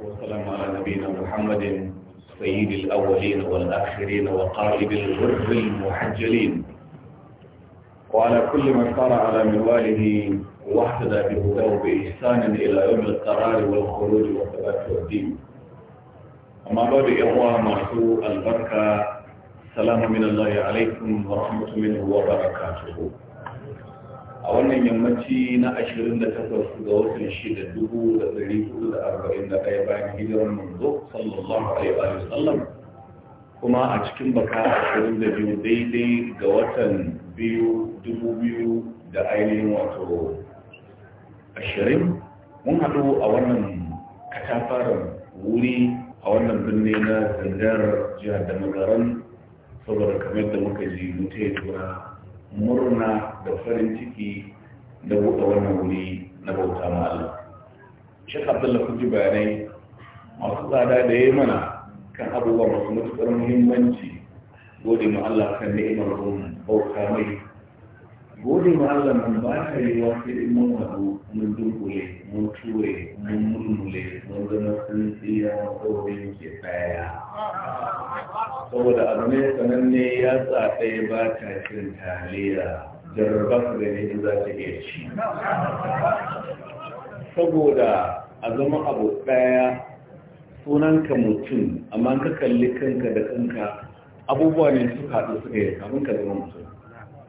والسلام على نبينا محمد سيد الأولين والآخرين وقائد الغر المحجلين وعلى كل من صار على منواله واهتدى بهداه بإحسان إلى يوم القرار والخروج وثبات الدين أما بعد إخوة مرسو البركة سلام من الله عليكم ورحمة منه وبركاته a wannan yammaci na 28 ga watan da da 6441 bayan hijirar manzo sallallahu alaihi wa sallam kuma a cikin baka 22 daidai ga watan 2000 da ainihin wato 20 mun haɗu a wannan katafaren wuri a wannan birni na zandar jihar da magaran saboda kamar da muka ji mutai tura murna da farin ciki da buɗe wannan wuri na bauta ma Allah Sheikh Abdullah bayanai masu tsada da yi mana kan abubuwa masu matuƙar muhimmanci gode ma Allah kan ni'imar bauta mai gode ma Allah mun ba ka yi wa sai mun abu mun dunkule mun ture mun mulmule mun zama sun tsiya yin ke tsaya saboda abu ne sananne ya sa ɗaya ba ta cin taliya jarraba su da ne za ta iya ci saboda a zama abu ɗaya sunanka mutum amma ka kalli kanka da kanka abubuwa ne suka haɗu suka yi kafin ka zama mutum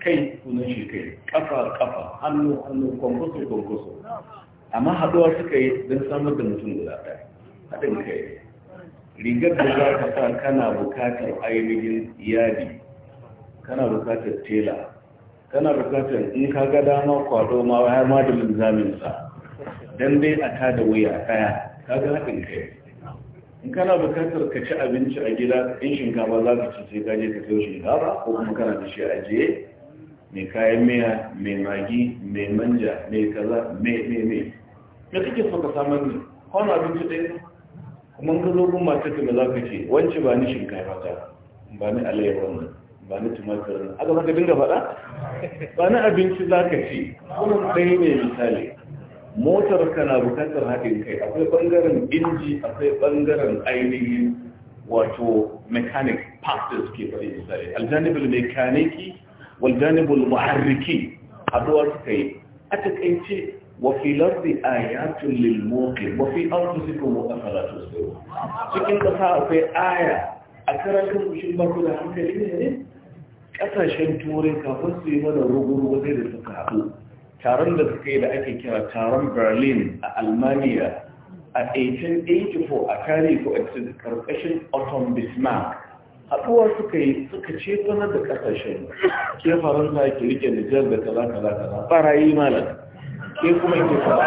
kai sunan shi kai kafa kafa hannu hannu kwankwaso kwankwaso amma haɗuwa suka yi don samar da mutum guda ɗaya haɗin kai rigar da za ka sa kana bukatar ainihin yadi kana bukatar tela kana bukatar in ka ga dama kwado ma har ma da linzamin sa dan dai a ta da wuya ɗaya. ka ga haɗin kai in kana bukatar ka ci abinci a gida in shinkafa za ka ci sai ka je ka sayo shinkafa ko kuma kana da shi a je mai kayan miya mai magi mai manja mai kaza mai mai mai na kake so ka samar ne kwan abinci ɗaya kuma ka zo gun matar ka za ka ce wance ba ni shinkafa ta ba ni alayyar wannan ba ni tumatir nan aka zaka dinga faɗa ba ni abinci za ka ce kuma ɗaya ne misali motar ka na bukatar haɗin kai akwai ɓangaren inji akwai ɓangaren ainihin wato mechanic parts ke suke faɗi misali aljanibul mekaniki waljanibul muharriki haduwa suka yi a takaice wafi lardi ayatun lilmoki wafi arzikin sosai cikin kasa akwai aya a karatun kushin baku da hankali ne Ƙasashen turai kafin su yi mana rugu da suka haɗu taron da suka yi da ake kira taron berlin a almaniya a 1884 a tarihi ko a karkashin otton bismarck haɗuwa suka yi suka ce da ƙasashen ke faransa ke rike nijar da kaza kaza kaza barayi malam ke kuma ke fara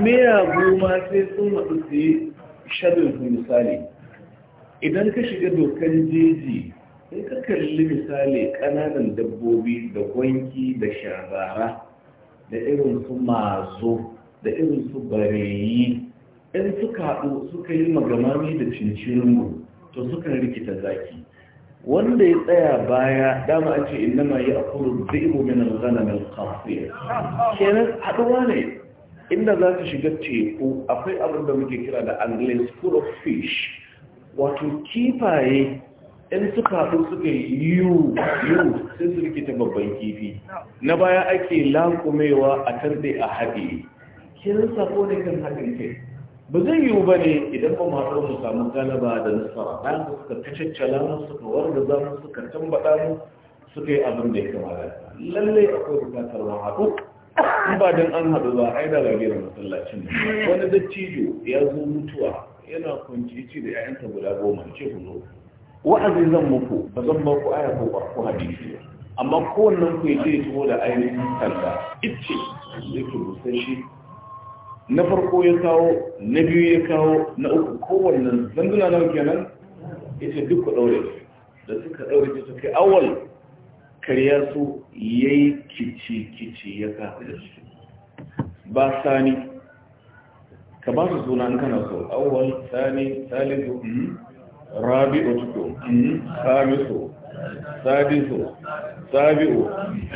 miyagu goma sai sun matu su yi shaɗin misali idan ka shiga dokan jeji in ka kalli misali ƙananan dabbobi da gwanki da shazara da irin su mazo da irin su bareyi in suka haɗu suka yi magamami da cincirin to sukan rikita zaki wanda ya tsaya baya dama a ce innama ya akuru zibu min al-ghanam al kenan haduwa ne inda za su shiga teku akwai abin da muke kira da angling full of fish wato kifaye in suka haɗu suka yi yiwu sai su rikita babban kifi na baya ake lakumewa a tarde a haɗe kiran sako ne kan haɗin kai ba zai yiwu ba ne idan ba masu mu samu galaba da nasara bayan da suka kacaccala caccala suka warga za mu suka tambaɗa mu suka yi abin da ya kamata lallai akwai bukatar mu haɗu in ba don an haɗu ba ai da rage masallacin wani dattijo ya zo mutuwa yana kwanci ci da 'ya'yansa guda goma ce ku zo wa'azi zan muku ba zan ba ku aya ko ba ku hadisi amma kowannen ku ya ce tuwo da ainihin Ita ice zai ke busashi na farko ya kawo na biyu ya kawo na uku kowannan zanduna nawa kenan ya ce duk ku ɗaure da suka ɗaure ce suka awal karya su ya yi kici-kici ya kafa da su ba sani ka ba su suna an kana so awal sani salisu mm-hmm. rabi'u tuko mm-hmm. hamisu sadisu sabi'u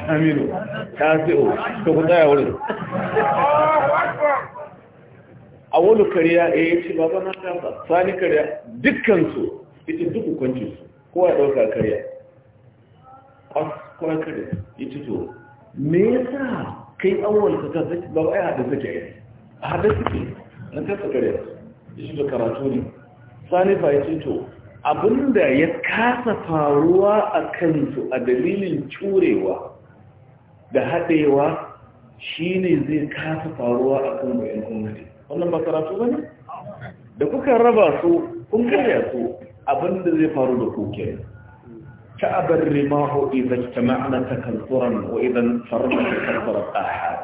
hamilu tasi'u ka ku tsaya wurin a wani kariya a yi ci baba ta ba. sani kariya dukkansu ita duk hukuncin su kowa a ɗauka kariya kowa kariya ya ci to me ya sa kai awon wani ta zaki ba ya haɗa zaki ya a haɗa suke na tafa kariya ya ci da karatu ne sani fa ya ci to abinda ya kasa faruwa a kansu a dalilin curewa da haɗewa shine zai kasa faruwa a kan bayan gwamnati wannan ba karatu ba ne da kuka raba su kun karya su abinda zai faru da kuke ta'abar rimahu idan jama'ana takalturan wa idan ta takalturan ahad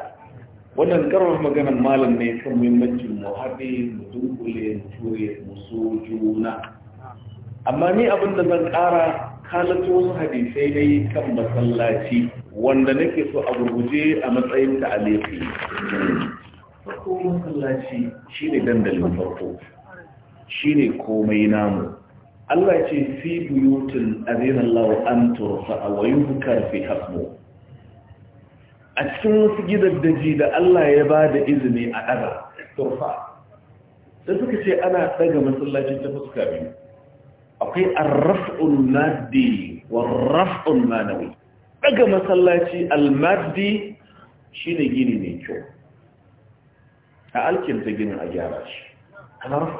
wannan karar maganar malam ne kan muhimmancin mu haɗe mu dunkule mu ture mu so juna amma ni abinda zan ƙara kalato wasu hadisai dai kan masallaci wanda nake so a gurguje a matsayin ta'alifi farko masallaci shi ne dandalin farko shi ne komai namu Allah ce fi buyutin azinan lawa an turfa a wayin hukar fi hasmo a cikin wasu gidaddaji da Allah ya ba da izini a ɗaga turfa da suka ce ana ɗaga masallaci ta fuska biyu akwai arraf'un maddi wa raf'un manawi ɗaga masallaci almaddi shi ne gini mai kyau هألكن تجين أجاراش هذا رفع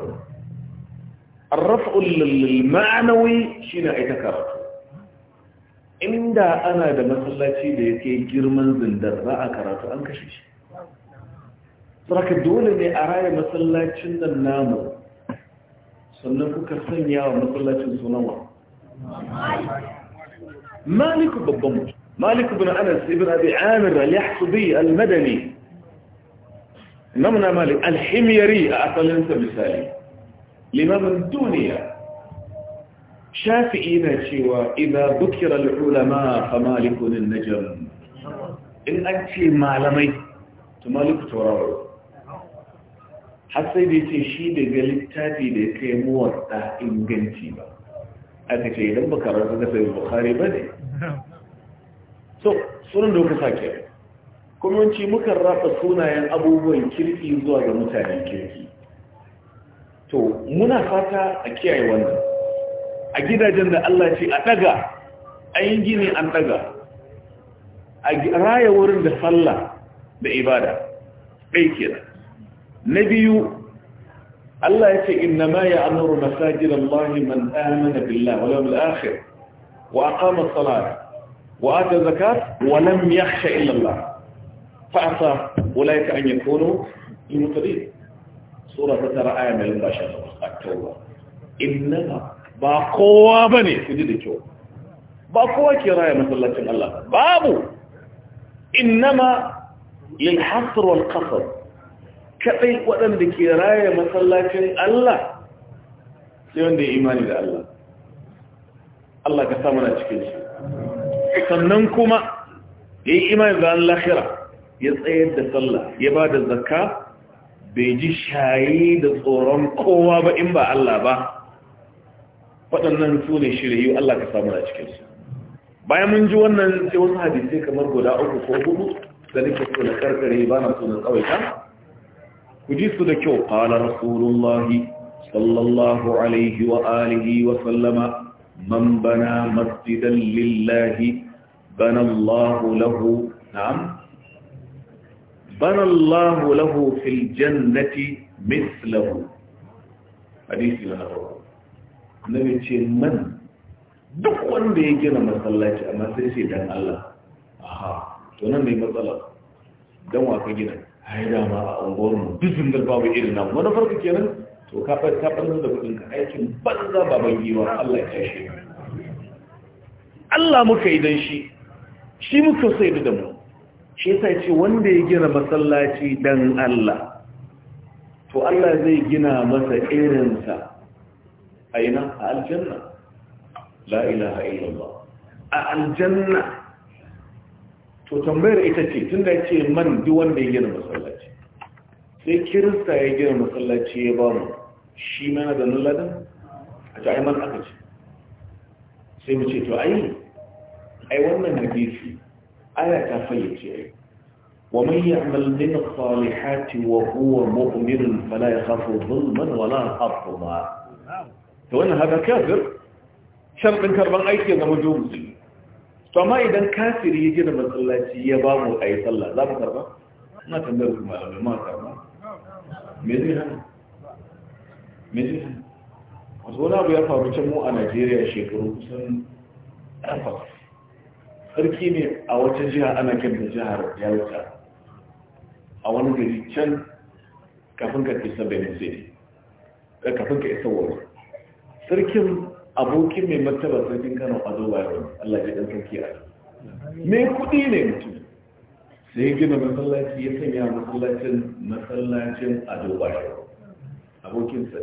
الرفع المعنوي شين أتكرر عند أنا دم صلاتي ليك جرمن زندر لا أكرر أنك شيش ترك الدول اللي أراي مصلاتي النام سنفك كسن يا مصلاتي سنوا مالك بالضمج مالك بن أنس ابن أبي عامر اليحسبي المدني namuna malik alhimyari a asalinsa misali limamin duniya shafi'i na cewa idan dukira al'ulama fa malikunin najar in an ce malamai to maliku tauraro har sai da ce shi daga littafi da ya kai muwatsa inganci ba aka ce idan baka da sai bukari ba ne so sunan da kuka sake kuma ci mukan rasa sunayen abubuwan kirki zuwa ga mutanen kirki to muna fata a kiyaye wannan a gidajen da Allah ce a daga ayin gini an daga a raya wurin da sallah da ibada ɗai kenan na biyu Allah ya ce inna ma ya amuru masajid Allah man amana billah akhir wa aqama as-salat wa ata zakat wa lam yakhsha illa Allah فعسى أولئك أن يكونوا المتدين سورة ترى آية من البشر التوبة إنما باقوة بني سجد التوبة باقوة كراية مثل الله بابو إنما للحصر والقصر كأي وأن ذكراية مثل الله سيون دي إيماني لله Allah ka samana cikin shi sannan kuma ya yi imanin da an lahira ya tsayar da sallah ya ba da zakka bai ji shayi da tsoron kowa ba in ba Allah ba waɗannan su ne shirayu Allah ka samu a cikinsu bayan mun ji wannan sai wasu hadisai kamar guda uku ko hudu da nake so na karkare ba na so na ku ji su da kyau qala rasulullahi sallallahu alaihi wa alihi wa sallama man bana masjidan lillahi bana Allahu lahu na'am Allahu lahu fil jannati mislahu hadisi na Na nabi ce man duk wanda ya gina masallaci amma sai sai dan Allah aha to nan ne matsala dan wa ka gina ai da ma a unguwarmu. duk sun babu irin nan wani farko kenan to ka fa ka da kudin ka aikin banza baban giwa Allah ya kashe Allah muka yi don shi shi muka sai da mu shi ta ce wanda ya gina masallaci dan Allah to Allah zai gina masa irinsa a ina a aljanna la ilaha illallah a aljanna to tambayar ita ce tunda ce man duk wanda ya gina masallaci sai kirista ya gina masallaci ya ba mu shi mana da nuladan a ta man aka ce sai mu ce to ai ai wannan hadisi آية فيك ومن يعمل من الصالحات وهو مؤمن فلا يخاف ظلما ولا أرضا وأن هذا كافر شر من كرب الأيت يجوز فما إذا كافر يجينا من صلى الله عليه وسلم أي صلى الله عليه وسلم ما تنبغي ما أعلم ما تنبغي مدينة مدينة وأنا أبي أفهم كم أنا جيري يا شيخ رؤوسا أفهم sarki ne a wace jiha ana kan da jihar ya wuce a wani gari can kafin ka isa benin city eh, kafin ka isa wani sarkin abokin mai martaba sarkin kano a zo bayan allah ya ɗan sarki a mai kuɗi ne mutum sai gina masallaci ya sanya masallacin masallacin a dubai abokinsa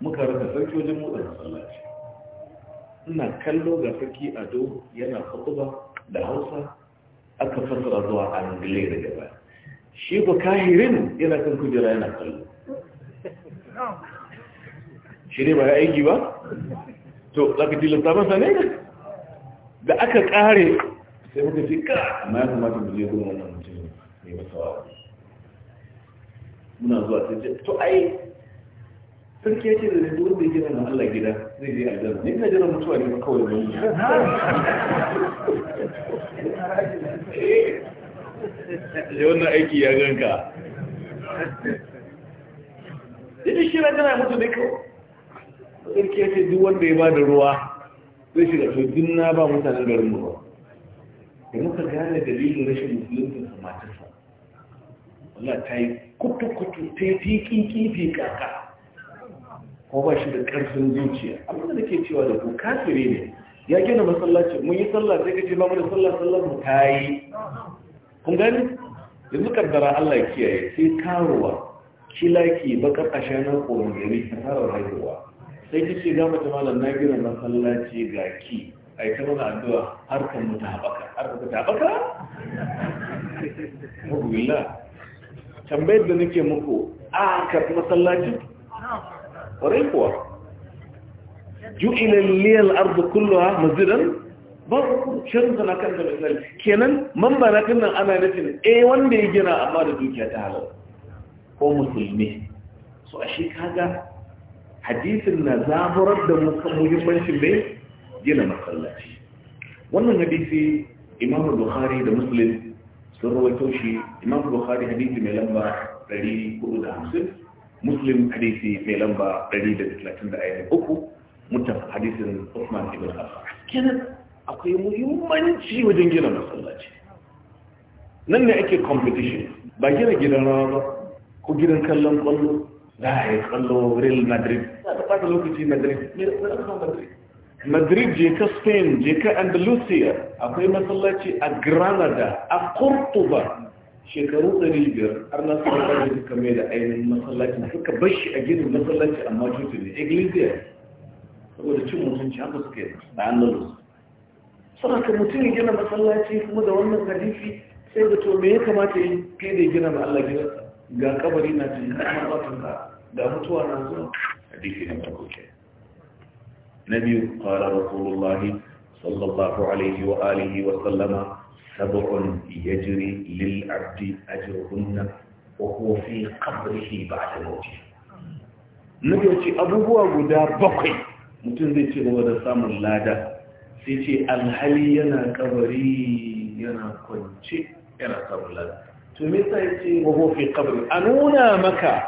muka rasa sarki wajen motsa masallaci ina kallo ga a ado yana hukuba da hausa aka fasara zuwa a ingile da gaba shi ba kahirin yana kan kujera yana kallo shi ne ba ya aiki ba to zaka tilasta masa ne da aka kare sai muka fi ka amma ya kamata mu je gurin wannan mutum mai masa muna zuwa sai to ai sarki ya ce da ne duk wanda ya gina na Allah gida zai je aljanna ni ina jira mutuwa ne kawai mai yi wannan aiki ya ganka yadda shi ran tana mutu ne kawai sarki ya ce duk wanda ya ba da ruwa zai shiga to duk na ba mutanen garin mu ba da muka gane dalilin rashin musulunta da matarsa wallah ta yi kutu-kutu ta yi fiƙi-ƙi fiƙa ko ba shi da ƙarfin zuciya abinda da ke cewa da ku kafiri ne ya gina masallaci mun yi sallah sai ka ce ma mana sallah sallah mu ta yi kun gani yanzu kaddara Allah ya kiyaye sai karuwa kilaki bakar na ƙoron gari ta fara rayuwa sai ce ga mata malam na gina masallaci ga ki a ta mana addu'a har kan mu ta haɓaka har ka ta haɓaka? Alhamdulillah tambayar da nake muku a ka masallaci ƙwarai kuwa ju'ilan liyal ardu kulluha masjidan ba shirin sana kan da misali kenan mambana kan nan ana nufin eh wanda ya gina amma da dukiya ta halar ko musulmi so a shi kaga hadisin na zaburar da muhimmancin bai gina masallaci wannan hadisi imam bukhari da muslim sun rawaito shi imam bukhari hadisi mai lamba 450 muslim hadisi mai lamba 133 mutum hadisin Usman ibn Affan kenan akwai muhimmanci wajen gina masallaci nan ne ake competition ba gina gidan rawa ba ko gidan kallon kwallo za a yi kwallo real madrid za a fata lokaci madrid madrid je ka spain je ka andalusia akwai masallaci a granada a cordoba shekaru ɗari biyar har na samun ƙarfi suka mai da ainihin masallaci suka bar shi a ginin masallaci amma cutu ne iglesia saboda cin mutunci haka suka yi da annalus sana ka mutum ya gina masallaci kuma da wannan hadisi sai da to me ya kamata yi kai da gina ma Allah gina ga kabari na cin kama batun ka ga mutuwa na zuwa hadisi na farko ke na biyu qala rasulullahi sallallahu alaihi wa alihi wa sallama سبع يجري للعبد أجرهن وهو في قبره بعد موته nabi ya ce abubuwa guda bakwai mutum zai ce gaba da samun lada sai ce alhali yana kabari yana kwance yana samun lada to me yasa yace wa fi qabri a nuna maka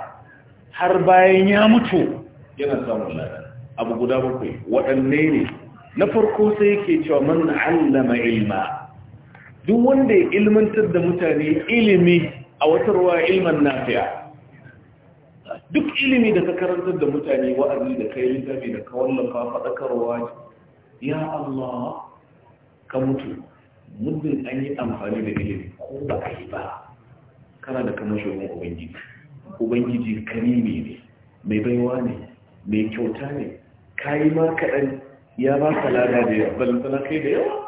har bayan ya mutu yana samun lada abu guda bakwai waɗanne ne na farko sai yake cewa man allama ilma duk wanda ya ilmantar da mutane ilimi a wata ruwa ilman nafiya duk ilimi da ka karantar da mutane wa'azi da kai littafi da ka wallafa faɗakarwa ya Allah ka mutu muddin an yi amfani da ilimi ko ba a yi ba kana da kamar shugaban ubangiji ubangiji karimi ne mai baiwa ne mai kyauta ne ka yi ma kaɗan ya ba ka lada da yawa balantana kai da yawa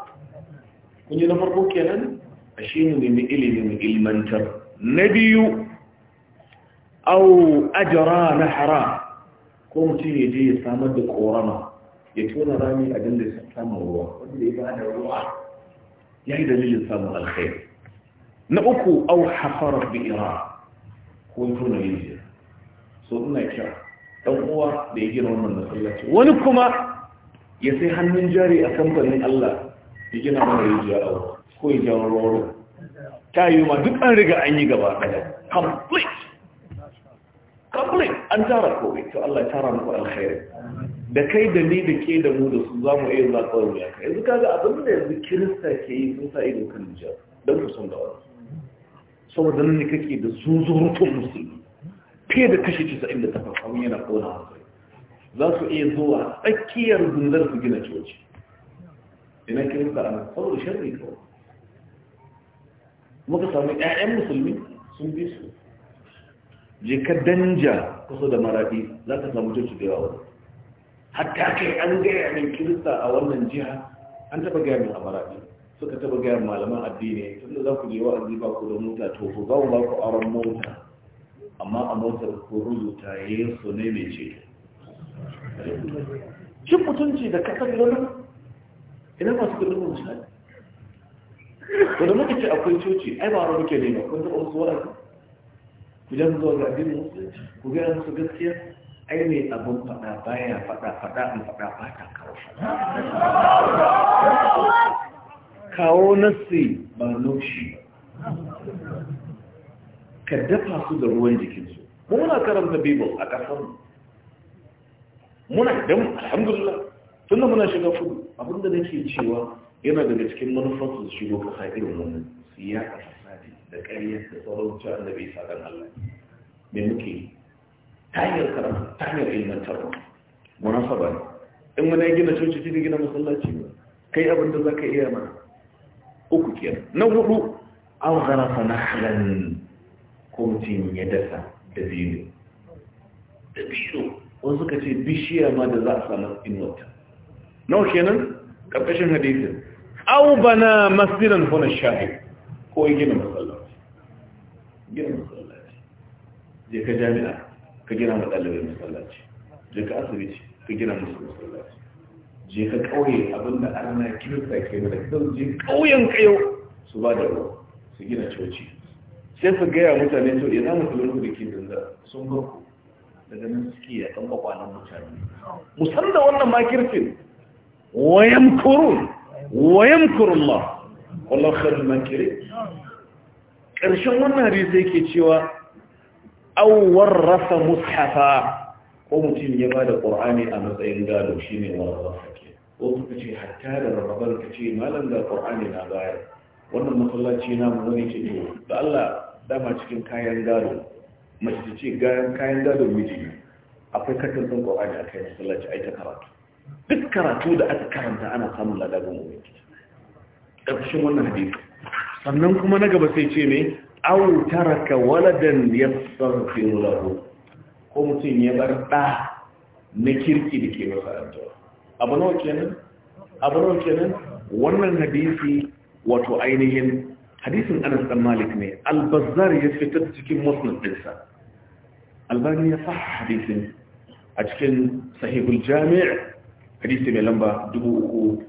kun yi na farko kenan a shi ne nemi ilimin ilmantar na biyu au ajara na hara ko mutum ya je ya samar da korama ya tona rami a dinda samun ruwa wanda ya bada ruwa ya yi dalilin samun alkhairi na uku au hafarar bi'ira ko tona rijiya so ina kira ɗan uwa da ya gina wannan masallaci wani kuma ya sai hannun jari a kamfanin Allah ya gina mana rijiya a ko yi jan roro ta yi ma duk an riga an yi gaba ɗaya complete complete an tara kowai to Allah ya tara muku alkhairi da kai da ni da ke da mu da su za mu iya zaɓar mu yanka yanzu kaga abin da yanzu kirista ke yi sun sa ido kan jiya don ku san da saboda nan ne kake da zuzurutun musulmi fiye da kashe 98 abin yana ƙona hankali za su iya zuwa tsakiyar gundar su gina coci ina kirin ka ana da sharri kawai muka sami ƴaƴan musulmi sun bi su je ka danja kusa da maraɗi za ka samu jinsu da yawa hatta kai an gaya min kirista a wannan jiha an taɓa gaya min a maraɗi suka taɓa gaya malaman addini da za ku je wa'azi ba ku da mota to ku za ku ba ku aron mota amma a motar ko rubuta yesu ne mai ce cin mutunci da kasar ganin idan masu kudin mu shaɗi to da muka ce akwai coci ai ba wani muke ne kun zaɓa wasu wa'azi ku ja zuwa ga addinin ku gaya musu gaskiya ai ne abin faɗa baya faɗa faɗa in faɗa ba ta kawo kawo nasi ba naushi ka dafa su da ruwan jikinsu muna karanta bibul a ƙasar muna dan alhamdulillah tun muna shiga kudu abinda nake cewa yana daga cikin manufar su shigo kasa irin wannan a fasadi da ƙaryar da tsoron cewa da bai sa dan Allah me muke ta karatu ta hanyar Muna munasaba ne in wani ya gina coci shi gina masallaci ne kai abinda da zaka iya ma? uku kiyar na hudu an zarafa ko mutum ya dasa da biyu da biyu wasu ka ce bishiya ma da za a samu inwata nau kenan karkashin hadisin au bana masjidan huna shahid ko gina masallaci gina masallaci je ka jami'a ka gina matsalabin masallaci je ka asibiti ka gina musu masallaci je ka kauye abinda ana kirista ke mana kan je kauyen kayo su ba da ruwa su gina coci sai su gaya mutane to ina musulunku da ke zanzar sun barku daga nan suke yakan makwalan mutane musamman wannan makirfin Wayan ويمكرون ويمكر الله والله خير الماكرين ƙarshen wannan hadisi ke cewa awwar rasa mushafa ko mutum ya ba da ƙur'ani a matsayin gado shi ne wararrafa ke ko kuka ce hatta da rarrabar ka ce malam da ƙur'ani na baya. wannan masallaci na mu wani ce to da Allah dama cikin kayan gado mace ce kayan gado miji akwai katin sun ƙur'ani a kai masallaci ai ta karatu duk karatu da aka karanta ana samun ladabin ubangiji ƙarshen wannan hadisi sannan kuma na gaba sai ce ne au taraka waladan yastaghfiru lahu ko mutum ya bar ɗa na kirki da ke masa addu'a abu nawa kenan abu nawa kenan wannan hadisi wato ainihin hadisin Anas dan Malik ne al-Bazzar ya fitar cikin musnad dinsa Albani ya sahha hadisin a cikin Sahihul Jami' hadisi mai lamba dubu uku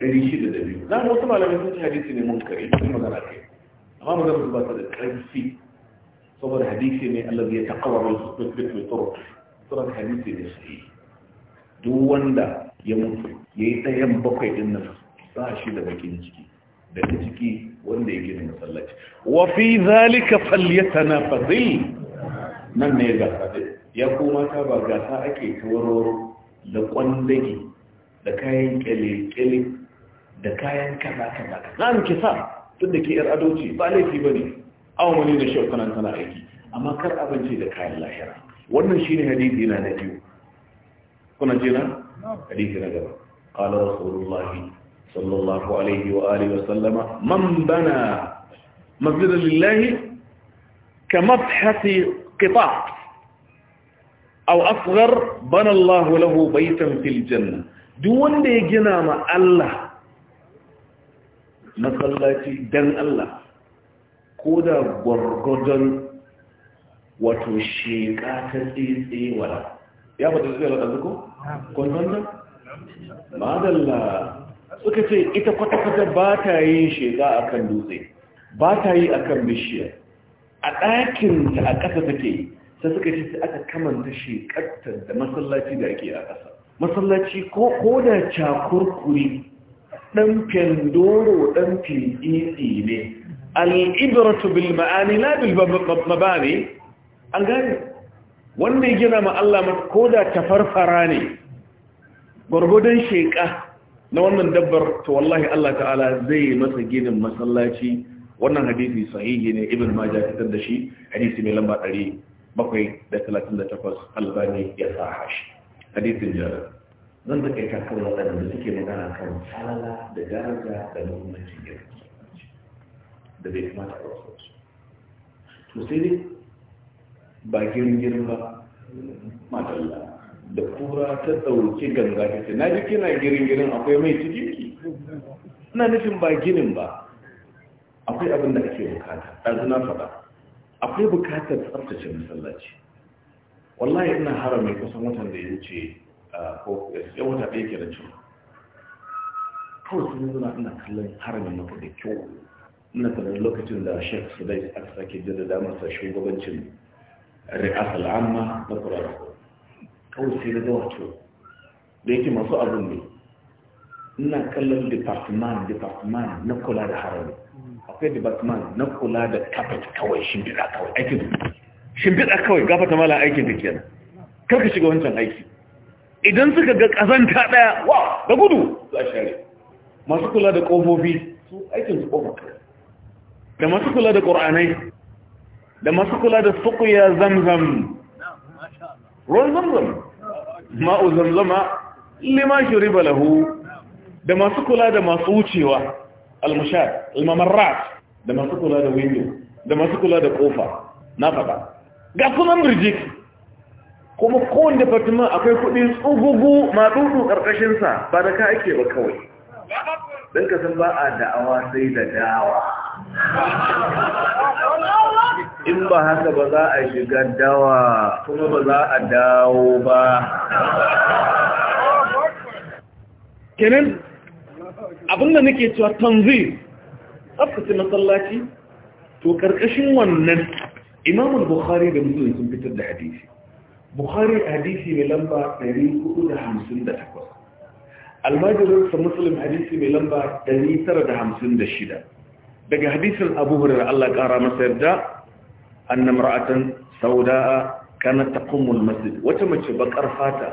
ɗari shida da biyu na wasu malamai sun ce hadisi ne mun kare sun magana kai amma magana su ba ta da ƙarfi saboda hadisi ne Allah ya taƙawar su duk mai tsoro suna hadisi ne su yi duk wanda ya mutu ya yi ɗayan bakwai ɗin nan sa shi da bakin ciki da ta ciki wanda ya gina masallaci wa fi zalika na fazil nan ne gasa ya kuma ta ba gasa ake ta warwaro da kwandage da kayan kele-kele da kayan kaza-kaza ran kisa tun da ke yar adoci ba laifi ba ne awon wani da shau kanan tana aiki amma kar abinci da kayan lahira wannan shi ne hadithi na na biyu kuna jina hadithi na gaba qala rasulullahi sallallahu alaihi wa alihi wa sallama man bana masjidan lillahi ka mabhasi qita aw asghar bana Allah lahu baytan fil janna duk wanda ya gina ma Allah masallaci dan Allah ko da gwargwadon wato sheka ta tsetse wala ya fata tsetse wala ɗazuko? kwanwanta? madalla suka ce ita kwata-kwata ba ta yi sheka a kan dutse ba ta yi a kan bishiyar a ta a ƙasa take sai suka ce aka kamanta shekarta da masallaci da ake a ƙasa masallaci ko da cakurkuri ɗan fendoro ɗan fendisi ne al'ibratu bil ma'ani na ba ne? an gane wanda ya gina ma'alla ko da tafarfara ne gwargwadon sheƙa na wannan dabbar to wallahi Allah ta'ala zai masa ginin masallaci wannan hadisi sahihi ne ibn majah fitar da shi hadisi mai lamba 738 albani ya sa hashi hadisin jara zan da kai kakar waɗanda suke magana kan salala da daraja da mahimmancin irin da bai kamata a wasu to sai dai ba girin girin ba matalla da kura ta ɗauki ganga ta ce na ji kina girin girin akwai mai ciki ina nufin ba ginin ba akwai abin da ake bukata ɗazu na faɗa akwai bukatar tsaftace masallaci wallahi ina harami kusan watan da ya wuce ko ya wata ɗaya ke da cin kawai sun zuna ina kallon harami na da kyau ina sanar lokacin da shek sudai aka sake jada damar sa shugabancin ri'as al'amma na kurara kawai sai na ga wato da yake masu abin ne ina kallon department department na kula da harami akwai department na kula da carpet kawai shi kawai aikin shimfiɗa kawai gafata mala aikin da kenan kar ka shiga wancan aiki idan suka ga ƙazanta ɗaya wa da gudu za a share masu kula da ƙofofi su aikin su ƙofa da masu kula da ƙor'anai da masu kula da suƙuya zamzam ruwan zamzam ma'u zamzama lima shiri balahu da masu kula da masu wucewa almushar almamarrat da masu kula da windo da masu kula da ƙofa na faɗa ga kuma birjik kuma kowane Fatima akwai kudi tsugugu maɗuɗu ƙarƙashinsa ba da ka ake ba kawai don ka san ba a da'awa sai da dawa in ba haka ba za a shiga dawa kuma ba za a dawo ba kenan abinda nake cewa tanzir tsabtace masallaci to karkashin wannan imam bukhari da muslim sun fitar da hadisi bukhari hadisi mai lamba 458 almajirinsa muslim hadisi mai lamba 956 daga hadisin abu hurairar Allah ƙara masa yarda annam ra'atan sauda'a kana taqumul masjid wata mace bakar fata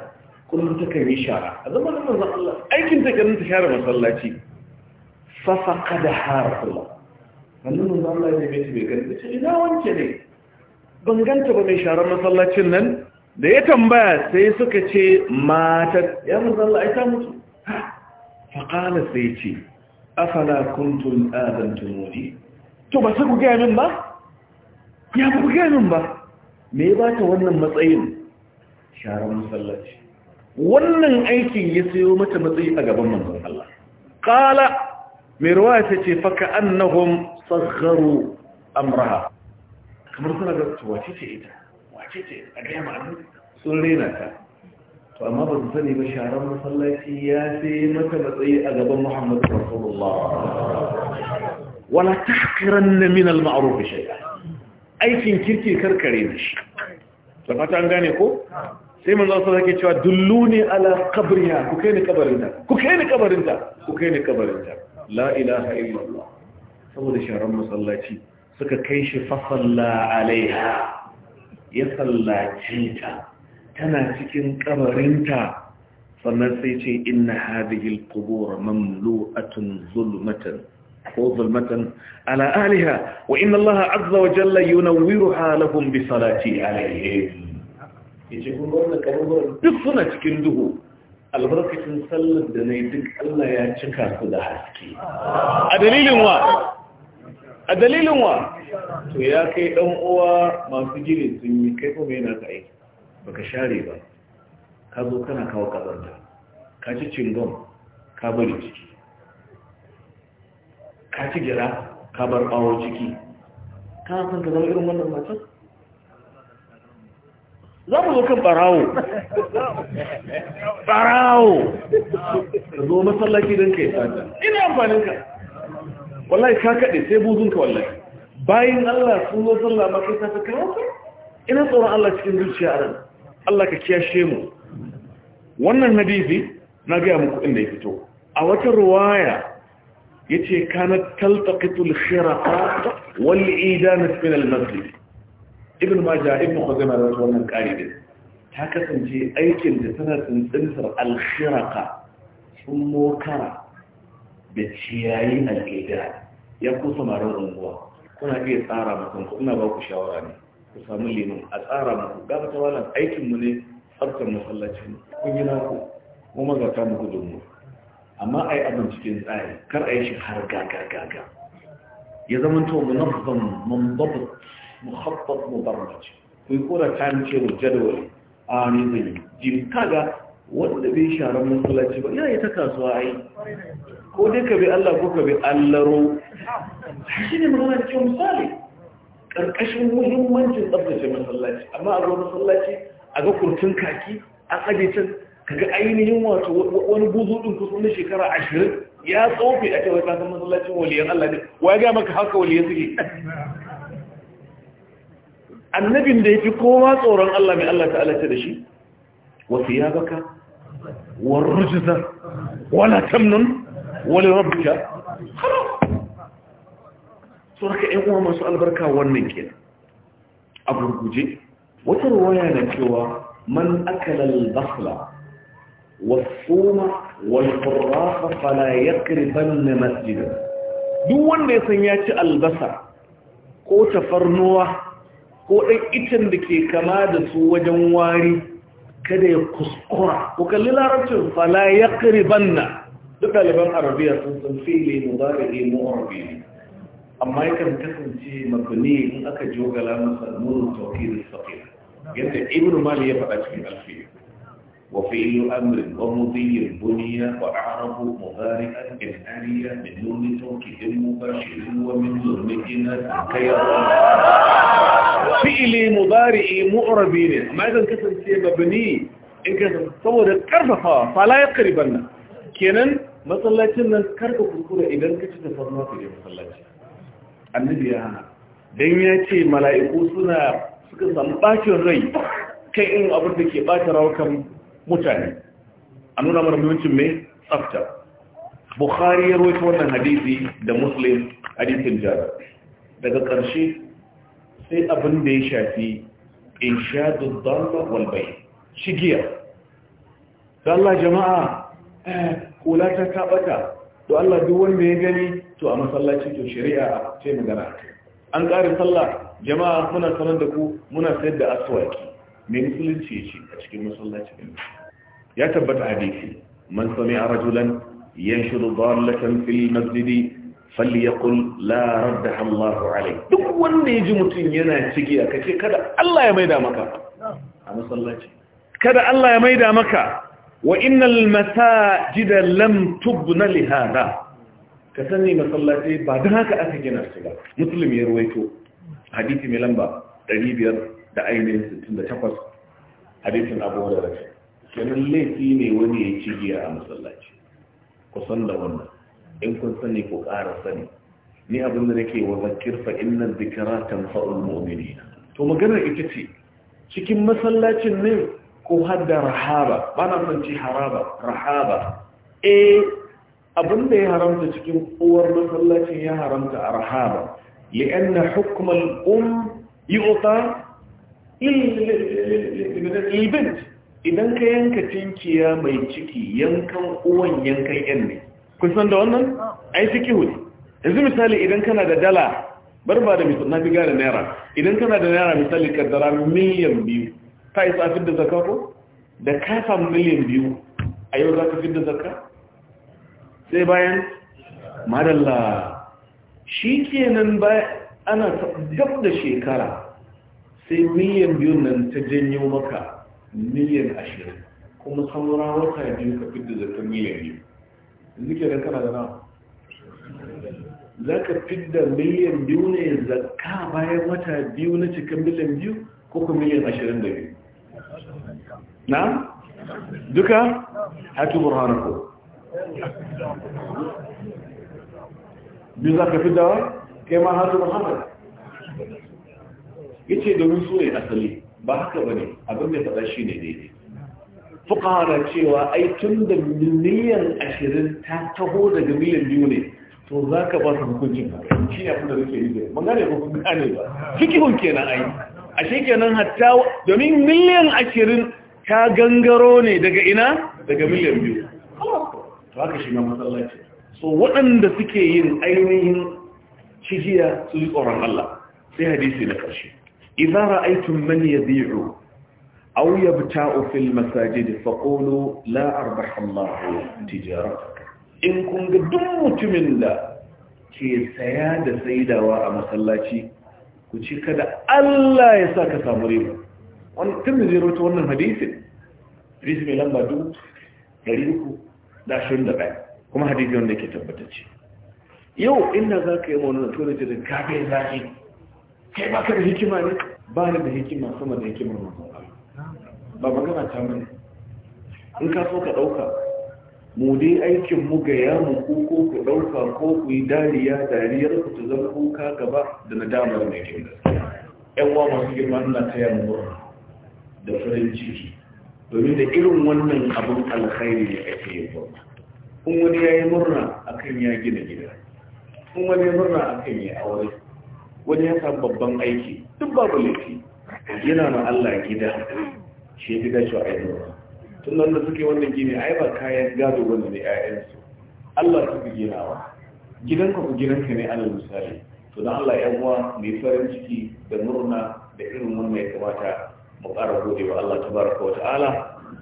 kullum ta kai shara a zamanin manzon Allah aikin ta ganin ta share masallaci fa faqada harfullah wannan manzon Allah ne bai bai ganin ta ina wance ne ban ganta ba mai sharar masallacin nan da ya tambaya sai suka ce matar ya musalla ai ta mutu faƙala sai ce afala kuntun azantun wani to ba su ku gaya min ba ya ku gaya min ba me ba ta wannan matsayin sharar masallaci wannan aikin ya sayo mata matsayi a gaban manzon Allah Ƙala, mai ruwa ta ce faka annahun sagharu amraha kamar suna ga wace ce ita wace ce a gaya ma'anin sun rena ta to amma ba su sani ba sharar masallaci ya sai mata matsayi a gaban muhammadu rasulullah wala takiran na min al-ma'ruf shay'a aikin kirki karkare da shi to fata an gane ko sai manzo sallallahu alaihi cewa dulluni ala qabriha ku kai ni kabarinta ku kai ni kabarinta ku kai ni kabarinta la ilaha illallah saboda sharar masallaci suka kai shi fasalla alaiha ya sallace ta tana cikin kabarinta sannan sai ce inna hadhihi alqubur mamlu'atun zulmatan ko zulmatan ala aliha wa inna allah azza wa jalla yunawwiruha lahum bi salati alayhi yace kun gwamna kaburin duk suna cikin duhu albarkacin sallar da na yi duk Allah ya cika su da haske a dalilin wa a dalilin wa to ya kai dan uwa masu gini sun yi kai kuma yana ka aiki baka share ba ka zo kana kawo kazanta ka ci cingom ka bari ciki ka ci gira ka bar bawo ciki ka san ka zama irin wannan matan za mu zo kan barawo barawo ka zo masallaci don ka yi sata ina amfanin ka wallahi ka kaɗe sai buzunka wallahi bayan Allah sun zo sallah ma ta kai karatu ina tsoron Allah cikin zuciya ran Allah ka kiyashe mu wannan hadisi na ga muku inda ya fito a wata ruwaya yace kanat taltaqitu al-khiraqa wal idan min al-masjid ibn majah ibn khuzaimah da wannan kari din ta kasance aikin da tana tsintsar al-khiraqa sun mokara da ciyayi gida ya kusa marar unguwa kuna iya tsara masu kuna ba ku shawara ne ku samu limon a tsara masu gaba ta wannan aikinmu ne tsarkar masallacin kun yi naku mu magata mu gudun mu amma a yi abin cikin tsari kar a yi shi har gaga-gaga ya zama to mu nafzan mambabu muhabbat mu barbaci ku yi kora time table jadawali a ne zai jim kaga wanda bai sharar masallaci ba yayi ta kasuwa ai ko dai ka bi Allah ko ka bi Allaro shi ne magana da cewa misali Ƙarƙashin muhimmancin tsabtace masallaci amma a zo masallaci a ga kurtun kaki a kadicin kaga ainihin wato wani buzu ɗin kusan na shekara ashirin ya tsofi a cewa kasan masallacin waliyan Allah ne wa ya ga maka haka waliyan suke annabin da ya fi kowa tsoron Allah mai Allah ta'ala Ta da shi wasu ya baka والرجزة ولا تمن ولربك خلاص سورك إن هو ما سؤال بركة ومن كنا أبو الجوجي وتروايا نكوى من أكل البخل والصوم والقراف فلا يقربن مسجدا دون يسن ياتي البصر ko tafarnuwa ko ɗan itin da ke kama da su wajen wari kada ya kuskura ku kalli larabcin fala ya ƙiriban na duk ɗaliban arabiya sun san fili mubara'i mu'arabi amma yakan kasance makoni in aka jogala masa nuru tauki da yadda ibn mali ya faɗa cikin وفي أي أمر ومضي بني وأعرف مبارئا إن أريا من نوم توكه مباشر ومن ظلم إنا تنكيرا فعل مبارئ مؤربين ما إذا انكسر سيئ ببني إن كان تصور الكرفة فلا يقربنا كنا ما صلاتنا الكرفة كثيرة إذا انكسر فضلنا في اليوم صلاتنا النبي يا هنا دمية ملائكوسنا سكسر باشر ري كي إن أبردك باشر أو mutane a nuna mana mai tsafta bukhari ya roƙi wannan hadisi da muslim hadisin jara daga ƙarshe sai abin da ya shafi in sha wal walbai shigiya da Allah jama'a eh, kula ta kaɓata to Allah duk wanda ya gani to a masallaci to shari'a ce magana an ƙarin sallah jama'a muna sanar da ku muna sayar da aswaki mai musulunci ya ce a cikin masallaci musulunci ya tabbata hadisi man sami a rajulan yanshiru dallatan fil masjidi falyaqul la raddaha Allahu alayh duk wanda ya ji mutum yana ciki a kace kada Allah ya maida maka a masallaci kada Allah ya maida maka wa innal masajida lam tubna li hada ka sani masallaci ba don haka aka gina su ba muslim ya ruwaito hadisi mai lamba 500 da ainihin 68 hadisin abu da rafi kenan laifi ne wani ya ci giya a masallaci ku san da wannan in kun sani ku ƙara sani ni abin da nake wa zakir fa inna zikra tanfa'ul mu'minin to maganar ita ce cikin masallacin ne ko hadda rahaba ba na son ci haraba rahaba eh abin da ya haramta cikin uwar masallacin ya haramta a rahaba li'anna hukmal um yu'ta ilbint idan ka yanka tinkiya mai ciki yankan uwan yankan yan ne kusan da wannan ai fiki hudu yanzu misali idan kana da dala bar ba da misali na fi gane naira idan kana da naira misali kaddara miliyan biyu ta isa fi da zaka ko da kafa miliyan biyu a yau za ka fi da zaka sai bayan madalla shi kenan ba ana gab da shekara sai miliyan biyun nan ta janyo maka miliyan ashirin kuma saura wata biyu ka fidda zartar miliyan biyu yanzu ke kana da nawa za ka fidda miliyan biyu ne zakka bayan wata biyu na cikin miliyan biyu ko kuma miliyan ashirin da biyu na duka hatu burhanako biyu za ka fidda kai ma hatu burhanako yace domin su ne asali ba haka bane abin da faɗa shi ne daidai fukara cewa ai tun da miliyan ashirin ta taho daga miliyan biyu ne to za ka ba su hukuncin shi ne kuma da rike yi ban gane ko kun gane ba fikihun kenan ai shi kenan hatta domin miliyan ashirin ta gangaro ne daga ina daga miliyan biyu to haka shi ma masallaci so waɗanda suke yin ainihin cijiya su yi tsoron Allah sai hadisi na ƙarshe إذا رأيتم من ya أو يبتاع في المساجد فقولوا لا أربح الله تجارتك إن كنت دمت من لا ke saya da saidawa a masallaci ku ci kada Allah ya sa ka samu riba wani tun da wannan hadisi mai lamba uku da ashirin da kuma hadisi wanda ke tabbatacce yau inda za ka yi maunar tona jirgin kafin zafi kai ba ka da hikima ne ba ni da hikima sama da hikimar masu ba magana ta mani in ka so ka ɗauka mu dai aikin mu ga ya ko ko ku ɗauka ko ku yi dariya dariyar ku ta zama kuka gaba da nadamar mai kyau yan wa masu girma na ta mu da farin ciki domin da irin wannan abin alkhairi ne ake yin ba in wani ya yi murna akan ya gina gida in wani ya murna akan ya aure wani ya samu babban aiki duk babu laifi yana na Allah gida shi ya fi dacewa ainihin tun nan da suke wannan gini ai ba kayan gado wanda ne ƴaƴansu Allah su suka ginawa gidanka ku ka ne ala misali to dan Allah ya uwa mai farin ciki da murna da irin wannan ya kamata mu ƙara gode wa Allah tabaraka wa ta'ala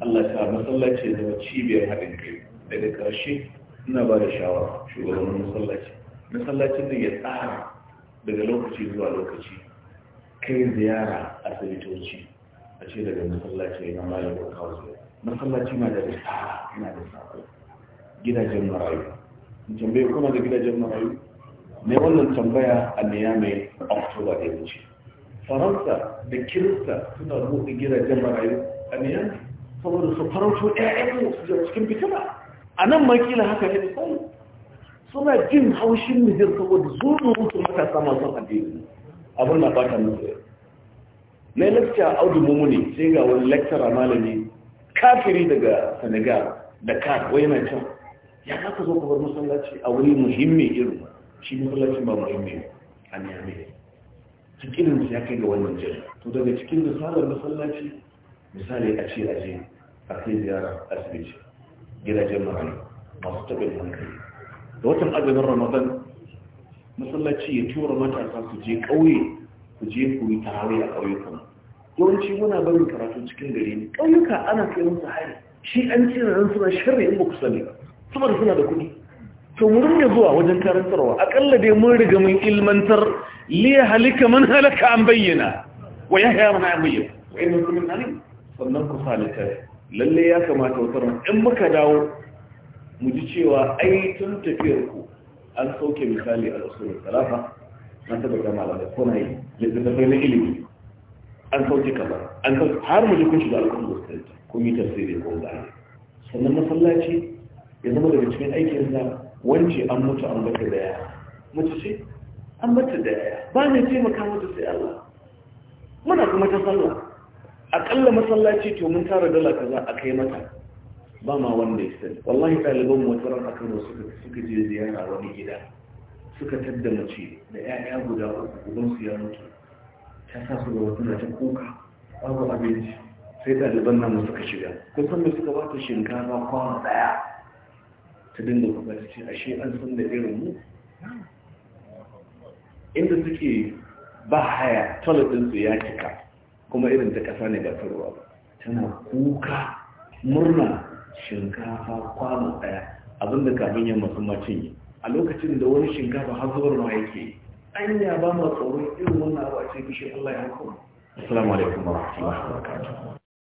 Allah ta masallaci zama cibiyar haɗin kai daga karshe ina ba da shawara shugaban masallaci masallacin da ya tsara daga lokaci zuwa lokaci kai ziyara asibitoci a ce daga masallaci na malamin kawo masallaci na da risala na da sako gidajen marayu tambaye kuma da gidajen marayu ne wannan tambaya a niya mai oktoba da yanci faransa da kirista suna buɗe gidajen marayu a niya? saboda su faranto ɗaya ɗaya su cikin fitina a nan makila haka ne misali suna jin haushin nijir saboda zuɗin su matasa masu addini abin na fata nufi na lakta audu mummuni sai ga wani laktara malami kafiri daga senegal da kar wai na can ya za ka zo ka bar masallaci a wani muhimmi irin shi masallacin ba muhimmi a niyami cikin su ya kai ga wannan jiri to daga cikin da sabar masallaci misali a ce je a kai ziyara asibiti gidajen marayu masu taɓin hankali da watan azumin ramadan masallaci ya tura matasa su je ƙauye ku je ku yi tarawih a ƙauyukan yawanci muna barin karatu cikin gari ne ƙauyuka ana kai musu hari shi an ce ran suna sharri in ba ku sani ba saboda suna da kuɗi to mu ringa zuwa wajen karantarwa akalla dai mun riga mun ilmantar li halika man halaka an bayyana wa ya yahya man an bayyana wa inna kullu alim sannan ku salita lalle ya kamata wutar in muka dawo mu ji cewa ai tun tafiyar ku an sauke misali a rasulun salafa na taɓa malamai ko kuna yi da na ilimi an sauke kama an sauke har mu ji kun shiga al'ummar da kun yi tafsiri ko gane sannan masallaci ya zama daga cikin aikin sa wance an mutu an bata da yaya mace ce an bata da yaya ba ne taimaka mata sai Allah muna kuma ta sallah aƙalla masallaci to mun tara dala kaza a kai mata ba ma wanda ya sani wallahi ɗaliban wataran a kano suka je ziyara wani gida suka tadda mace da 'ya'ya guda uku ubansu ya mutu ta sa su ga wata ta kuka babu abinci sai ɗaliban nan suka shiga kun san me suka bata shinkafa kwana daya ta dinga kuka ta ce ashe an san da irin mu inda suke ba haya toilet su ya cika kuma irin ta ƙasa ne ba ta ruwa ba tana kuka murna shinkafa kwano ɗaya abinda kafin yamma sun ma cinye a lokacin da wani shinkafa har zuwar ma yake an ya ba ma tsoron irin wannan abu a cikin shi Allah ya hukuma assalamu alaikum wa rahmatullahi wa barakatuh